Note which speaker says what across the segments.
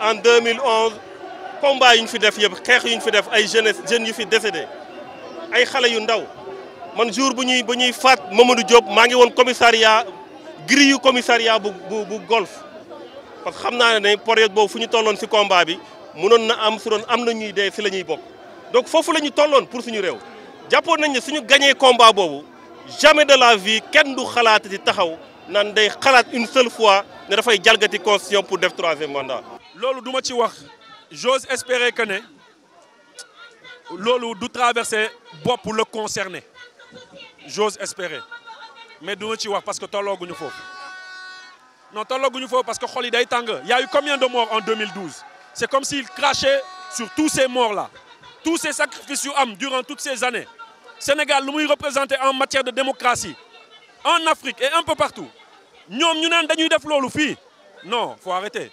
Speaker 1: en 2011 combat yuñ fi def fi def ay jeunesse jeune yu fi décédé ay xalé yu ndaw man jour bu ñuy bu Mamadou Diop commissariat grille commissariat bu bu golf parce que xamna né période fu ñu combat bi mënon na am am na ñuy donc pour la que pour suñu réew jàppoon nañ ni suñu combat jamais de la vie kenn du xalaat taxaw une seule fois pour def troisième mandat
Speaker 2: du ci wax j'ose espérer que ne loolu du traverser le concerné j'ose espérer mais du ci wax parce que tollooguñu fof non tollooguñu fof parce que xol yi day y a eu combien de morts en 2012 c'est comme s'il crachait sur tous ces morts là tous ces sacrifices yu am durant toutes ces années Sénégal lu muy en matière de démocratie en Afrique et un peu partout Nous avons naan dañuy def il non faut
Speaker 3: arrêter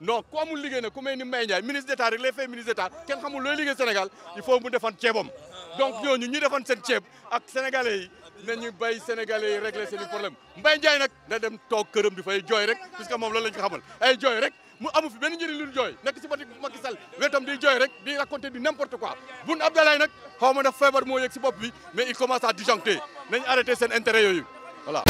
Speaker 3: non quand on liggéey ministre d'État rek ministre d'État Sénégal il faut que défendre donc nous nous défendons seen ceeb ak sénégalais yi sénégalais yi régler seen problèmes. problème Ndiaye na dem fay rek puisque loolu ko ay n'importe quoi Abdallaï mais il commence à disjoncter nañ arrêter intérêt voilà